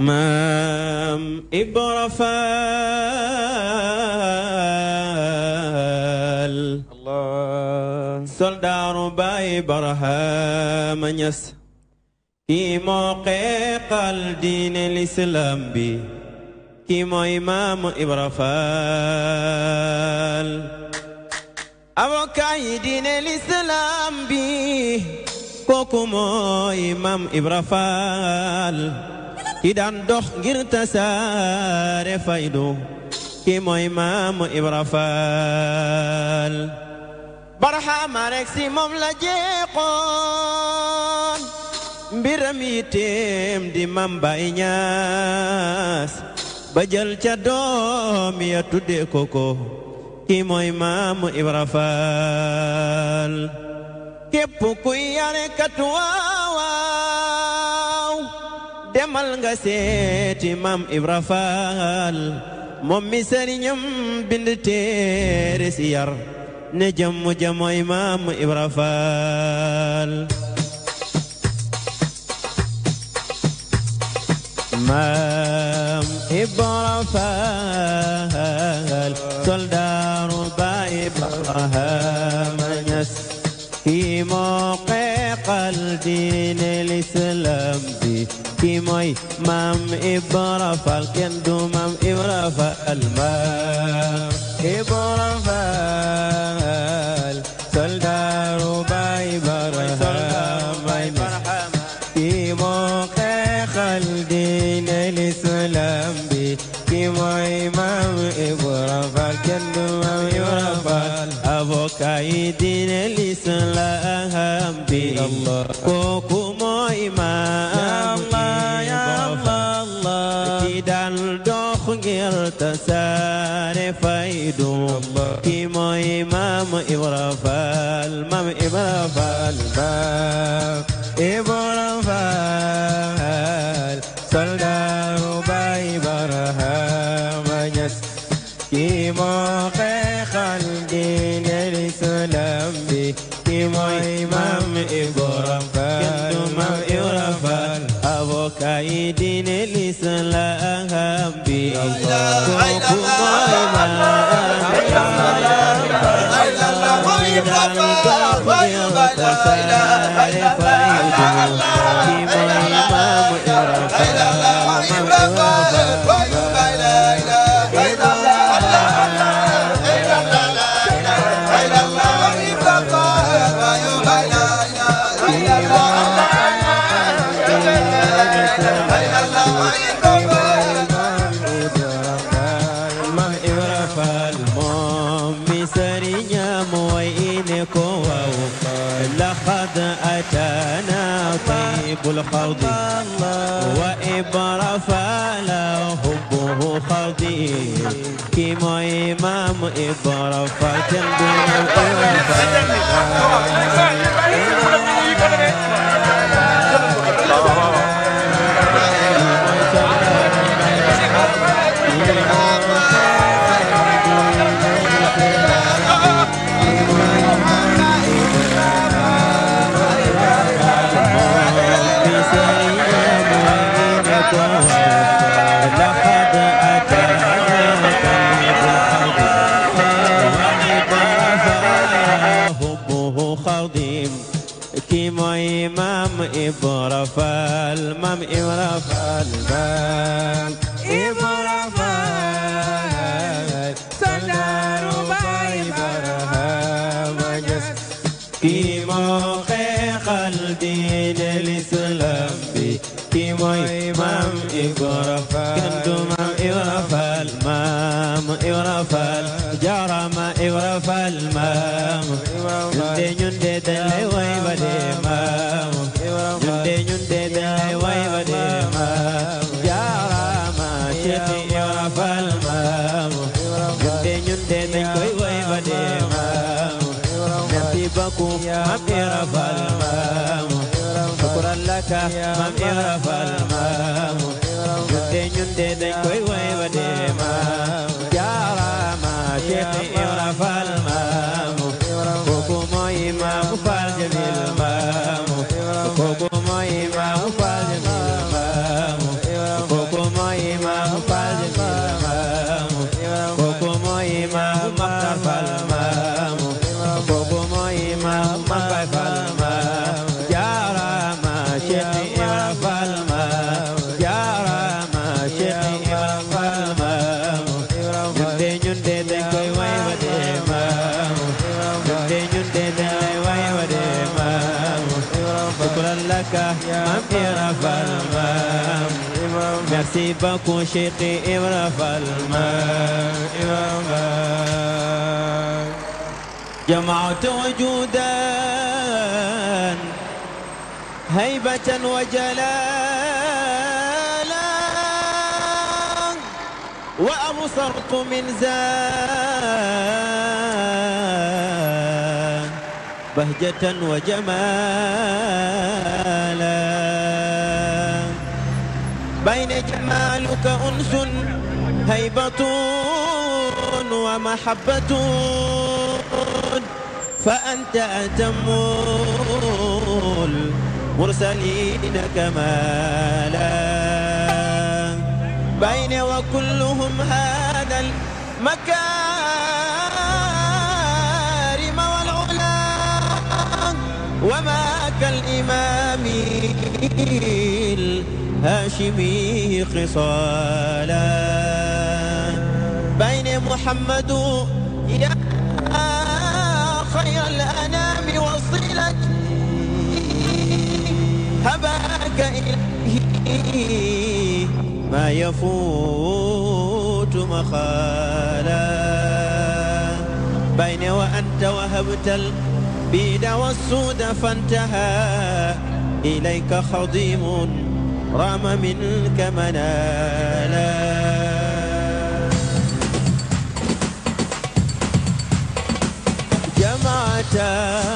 maam Ibra Faal soldaaru Baay Barahama Ñas kii moo xeexal diine bi kii mooy maam Ibra ki daan dox ngir tasaare faydu ki mooy maamu Ibra Faal barxaama rek si moom la jeexoon mbiram yitteem di Maam Baay Ñaas ba ca doom ya tudde ko ko mooy maamu Ibra Faal képp kuy yare katuwaa demal nga seeti maam Ibra Faal moom mi sëriñam bind téere si yar ne jëmm ja mooy maam Ibra Faal maam Ibra Faal soldaaru baay Ibrahima Ñas fi mooqe qalbi ne lislaam kii mooy maam Ibra Faal kenn maam Ibra Faal maam Ibra Faal soldaaru Baay Barhama kii moo xeexal diine lislaam bi kii mooy maam Ibra Faal kenn maam Ibra Faal avocat yi diine lislaam bi لا اله الا الله لقد أتانا طيب الخوض وإبر فلا حبه خضي كما إمام إبر فتنبه mooy maam Ibra Faal maam Ibra Faal faal Ibra Faal soldaaru Baay Barhama Ñas kii moo xeexal diine lislaam bi kii mooy maam Ibra Faal kenn du maam Ibra Faal maam Ibra Faal jaarama Ibra Faal maam ñun de ñun de إرف المام شكرا لك مام إرف المام جندي جندي دنكوي ويودي مام يا رام شيخ إرف المام merci beaucoup Cheikh Ibra Fall ma imama جمعت وجودا هيبة وجلالا وأبصرت من زان بهجة وجمالا بين جمالك أنس هيبة ومحبة فأنت أتم المرسلين كمالا بين وكلهم هذا المكارم والعلا وما كالإمام الهاشمي خصالا بين محمد يا خير الأنام وصلت هباك إليه ما يفوت مخالا بين وأنت وهبت البيد والسود فانتهى إليك خضيم رام منك منالا جمعتا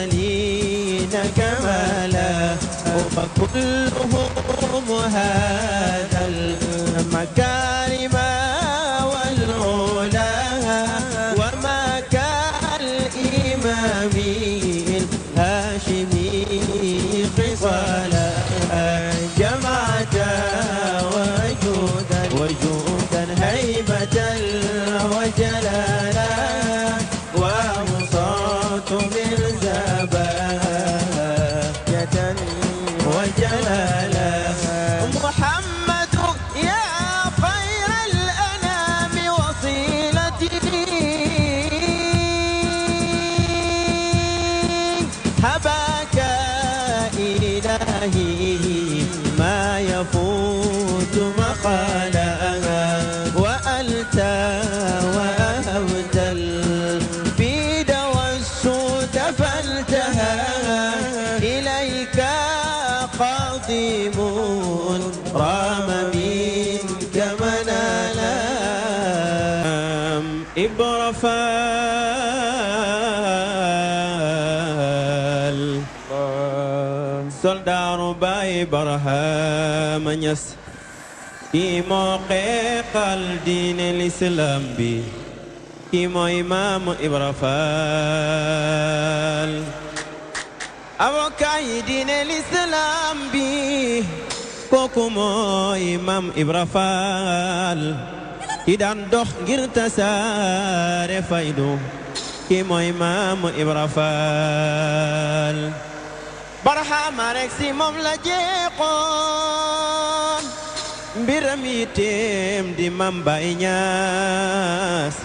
المرسلين كمالا وكلهم هذا المكان ilahi ñas kii moo xeexal diine lislaam bi kii mooy maamu Ibra Faal avocat yi diine lislaam bi kooku mooy maam Ibra Faal ki dox ngir tasaare faydu kii mooy maamu Ibra Faal barxaama rek si moom la jeexoon mbiram yitteem di Mame Baye Niass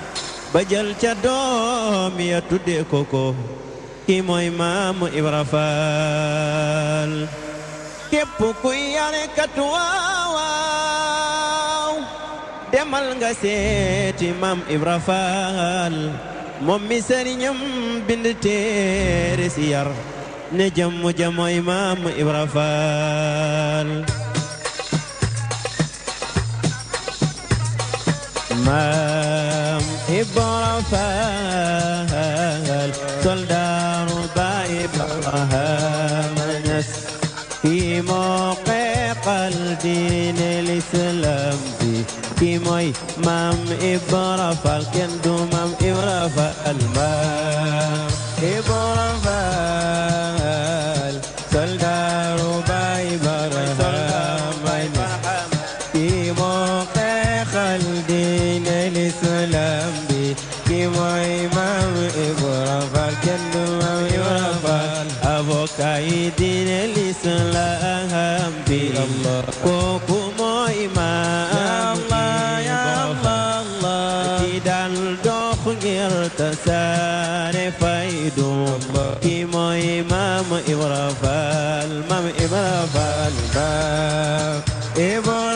ba jël ca doom ya tudde koko ki mooy maamu Ibra Faal képp kuy yare kat waaw demal nga seeti Mame Ibra Faal moom mi sëriñam bind téere si yar ne jëmm mooy maamu Ibra Faal maam Ibra Faal soldaaru baay Ibrahima Ñas kii moo xeexal diine lislaam bi kii mooy maam Ibra Faal kenn du maam Ibra Faal maam mooy dal dox ngir tasaare faydu ki maam Ibra Faal maam Ibra Faal ba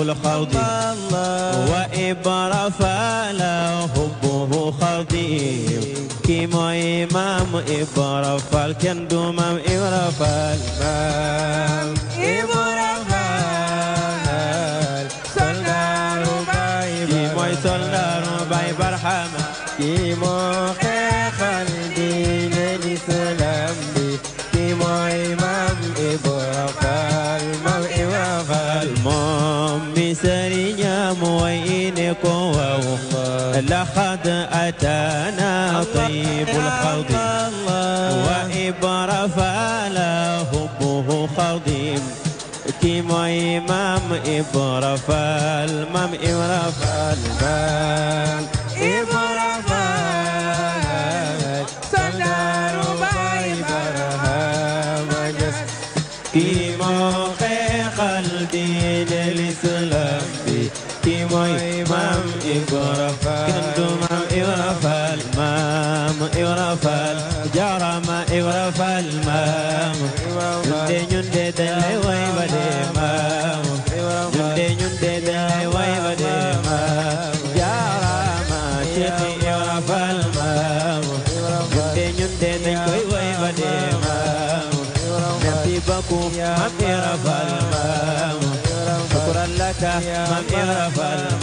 أبو الخوض وإبرا فلا حبه خضي كيما إمام إبرا فالكندومام إبرا فالمام إبرا لقد أتانا طيب الخضيم وإبر فلا هبه خضيم كيم إمام إبر فالمام إبر فالمام غرفاء كنتم إغرفاء المام إغرفاء جرم إغرفاء المام جندي جندي دلي ويبدي مام جندي جندي دلي ويبدي مام جرم شيخي إغرفاء المام جندي جندي دلي ويبدي مام نبيبكم مام إغرفاء المام شكرا لك مام إغرفاء المام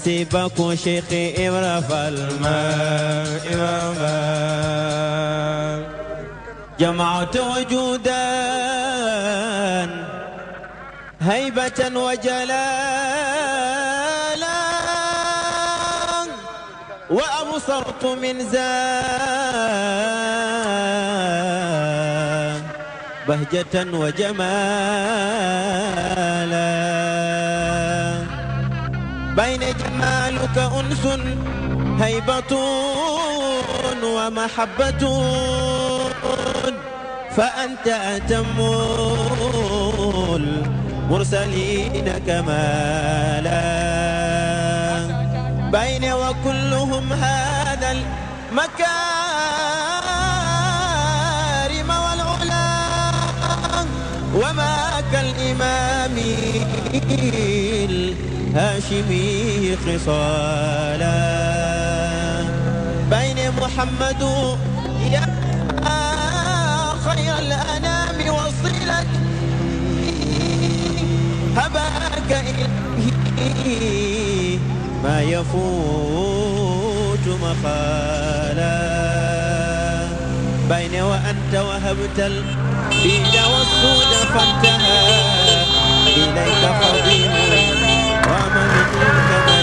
نصيبكم شيخي إمرا فالماء إماما جمعت وجودا هيبة وجلالا وأبصرت من زان بهجة وجمال جمالك أنس هيبة ومحبة فأنت أتم المرسلين كمالا بين وكلهم هذا المكارم والعلا وما كالإمام للهاشمي خصالا بين محمد يا خير الأنام وصلت هباك إليه ما يفوت مقالا بين وأنت وهبت البيد والسود فانتهى إليك قديم ومن اتبع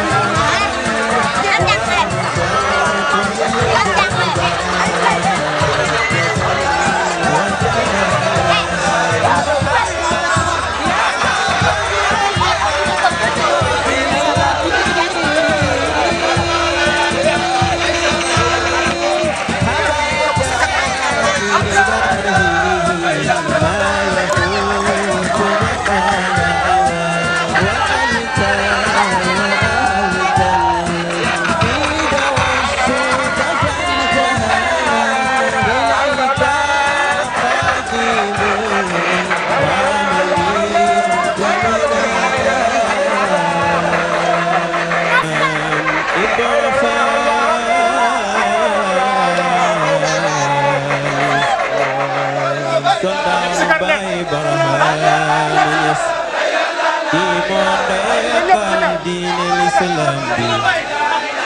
Thank you.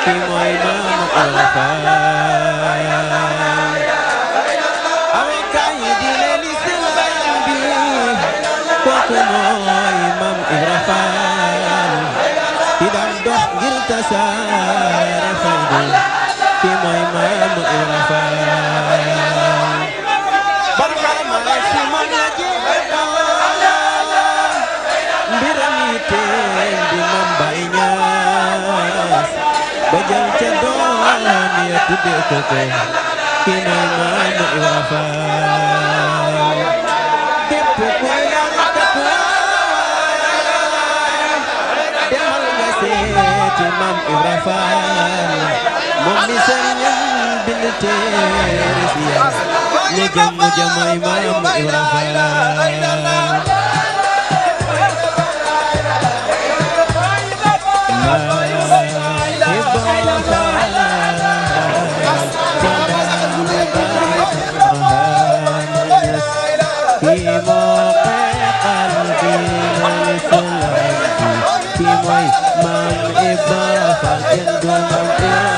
ki mooy maam Arafaay awa kaay di leen islam bi kooku mooy maam Arafaay ki daan dox ngir tasaare fayda ki mooy maam Arafaay tuddee ko ko ki mooy maamu Ibra Faal képp ku yàlla taxawaay demal nga seeti maam Ibra Faal moom mi sëriñam bind téere si yàlla ne jëm ja mooy maamu Ibra Faal mooy maam Ibra Fall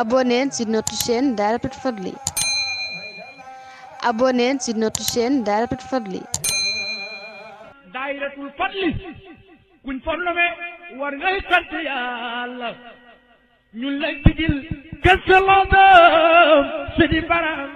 abonnez sur notre chaîne Dahiratoul Fadly abonnez sur notre chaîne Dahiratoul Fadly Dahiratoul Fadly kuñ fornome war ngay sant Yàlla ñun lay bidil